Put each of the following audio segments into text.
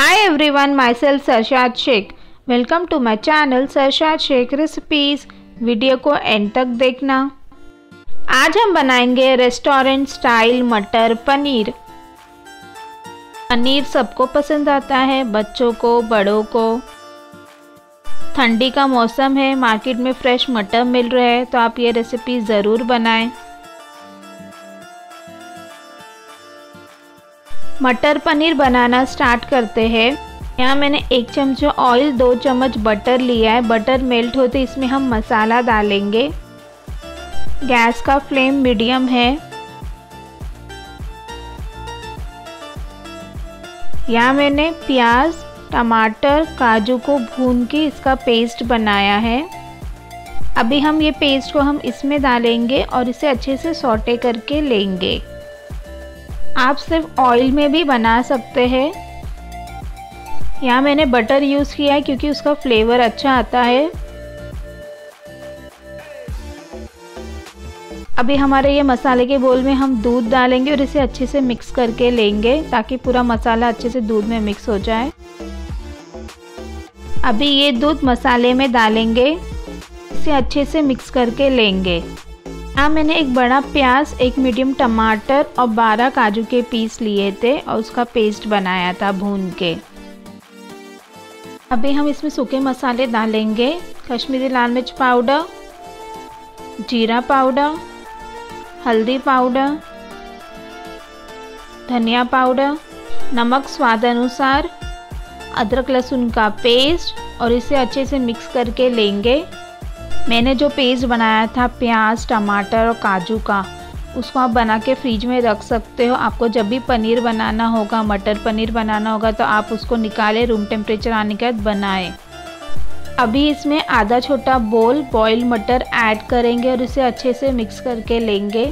Hi everyone, myself Sarshad Sheikh. Welcome to my channel Sarshad Sheikh Recipes. Video को end तक देखना आज हम बनाएंगे रेस्टोरेंट स्टाइल मटर पनीर पनीर सबको पसंद आता है बच्चों को बड़ों को ठंडी का मौसम है मार्केट में फ्रेश मटर मिल रहा है तो आप ये रेसिपी ज़रूर बनाएं मटर पनीर बनाना स्टार्ट करते हैं यहाँ मैंने एक चमचा ऑयल दो चम्मच बटर लिया है बटर मेल्ट होते तो इसमें हम मसाला डालेंगे गैस का फ्लेम मीडियम है यहाँ मैंने प्याज टमाटर काजू को भून के इसका पेस्ट बनाया है अभी हम ये पेस्ट को हम इसमें डालेंगे और इसे अच्छे से सोटे करके लेंगे आप सिर्फ ऑयल में भी बना सकते हैं यहाँ मैंने बटर यूज़ किया है क्योंकि उसका फ्लेवर अच्छा आता है अभी हमारे ये मसाले के बोल में हम दूध डालेंगे और इसे अच्छे से मिक्स करके लेंगे ताकि पूरा मसाला अच्छे से दूध में मिक्स हो जाए अभी ये दूध मसाले में डालेंगे इसे अच्छे से मिक्स करके लेंगे यहाँ मैंने एक बड़ा प्याज एक मीडियम टमाटर और बारह काजू के पीस लिए थे और उसका पेस्ट बनाया था भून के अभी हम इसमें सूखे मसाले डालेंगे कश्मीरी लाल मिर्च पाउडर जीरा पाउडर हल्दी पाउडर धनिया पाउडर नमक स्वाद अनुसार अदरक लहसुन का पेस्ट और इसे अच्छे से मिक्स करके लेंगे मैंने जो पेस्ट बनाया था प्याज टमाटर और काजू का उसको आप बना के फ्रिज में रख सकते हो आपको जब भी पनीर बनाना होगा मटर पनीर बनाना होगा तो आप उसको निकालें रूम टेम्परेचर आने के बाद बनाएं अभी इसमें आधा छोटा बोल बॉयल मटर ऐड करेंगे और इसे अच्छे से मिक्स करके लेंगे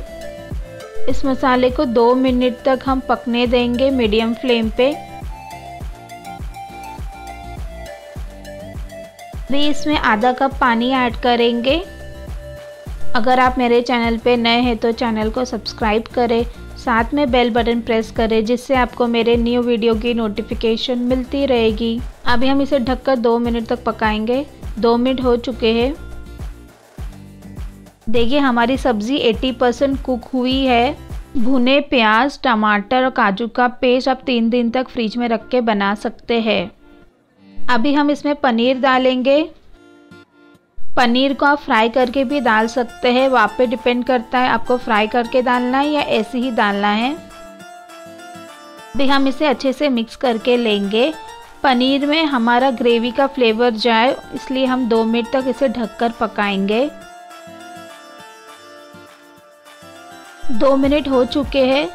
इस मसाले को दो मिनट तक हम पकने देंगे मीडियम फ्लेम पे अभी इसमें आधा कप पानी ऐड करेंगे अगर आप मेरे चैनल पे नए हैं तो चैनल को सब्सक्राइब करें साथ में बेल बटन प्रेस करें जिससे आपको मेरे न्यू वीडियो की नोटिफिकेशन मिलती रहेगी अभी हम इसे ढककर दो मिनट तक पकाएंगे दो मिनट हो चुके हैं देखिए हमारी सब्ज़ी 80 परसेंट कुक हुई है भुने प्याज टमाटर और काजू का पेस्ट आप तीन दिन तक फ्रिज में रख के बना सकते हैं अभी हम इसमें पनीर डालेंगे पनीर को आप फ्राई करके भी डाल सकते हैं वहाँ पे डिपेंड करता है आपको फ्राई करके डालना है या ऐसे ही डालना है अभी हम इसे अच्छे से मिक्स करके लेंगे पनीर में हमारा ग्रेवी का फ्लेवर जाए इसलिए हम दो मिनट तक इसे ढककर पकाएंगे दो मिनट हो चुके हैं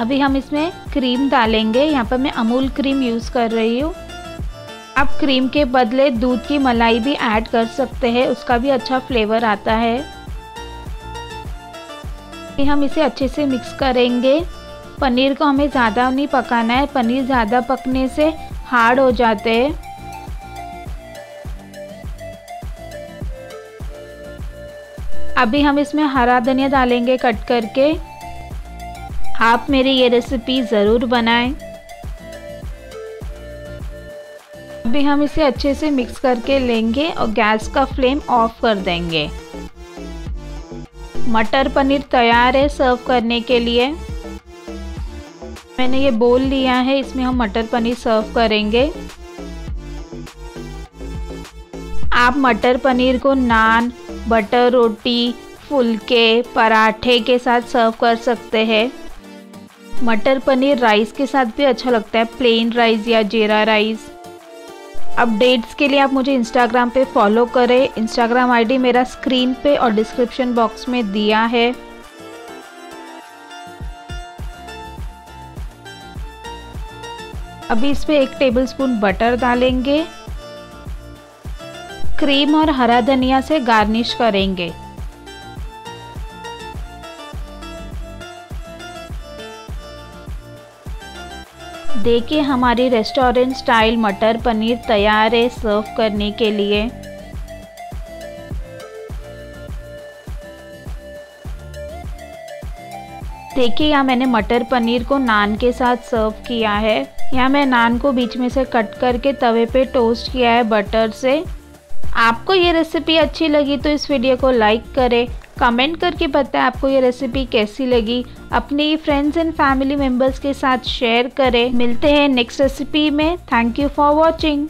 अभी हम इसमें क्रीम डालेंगे यहाँ पर मैं अमूल क्रीम यूज़ कर रही हूँ आप क्रीम के बदले दूध की मलाई भी ऐड कर सकते हैं उसका भी अच्छा फ्लेवर आता है हम इसे अच्छे से मिक्स करेंगे पनीर को हमें ज़्यादा नहीं पकाना है पनीर ज़्यादा पकने से हार्ड हो जाते हैं अभी हम इसमें हरा धनिया डालेंगे कट करके आप मेरी ये रेसिपी ज़रूर बनाएं अभी हम इसे अच्छे से मिक्स करके लेंगे और गैस का फ्लेम ऑफ कर देंगे मटर पनीर तैयार है सर्व करने के लिए मैंने ये बोल लिया है इसमें हम मटर पनीर सर्व करेंगे आप मटर पनीर को नान बटर रोटी फुलके पराठे के साथ सर्व कर सकते हैं मटर पनीर राइस के साथ भी अच्छा लगता है प्लेन राइस या जीरा राइस अपडेट्स के लिए आप मुझे इंस्टाग्राम पे फॉलो करें इंस्टाग्राम आईडी मेरा स्क्रीन पे और डिस्क्रिप्शन बॉक्स में दिया है अभी इस पर एक टेबलस्पून बटर डालेंगे क्रीम और हरा धनिया से गार्निश करेंगे देखिए हमारी रेस्टोरेंट स्टाइल मटर पनीर तैयार है सर्व करने के लिए देखिए यहाँ मैंने मटर पनीर को नान के साथ सर्व किया है यहाँ मैं नान को बीच में से कट करके तवे पे टोस्ट किया है बटर से आपको ये रेसिपी अच्छी लगी तो इस वीडियो को लाइक करें कमेंट करके बताएं आपको ये रेसिपी कैसी लगी अपने फ्रेंड्स एंड फैमिली मेम्बर्स के साथ शेयर करें मिलते हैं नेक्स्ट रेसिपी में थैंक यू फॉर वॉचिंग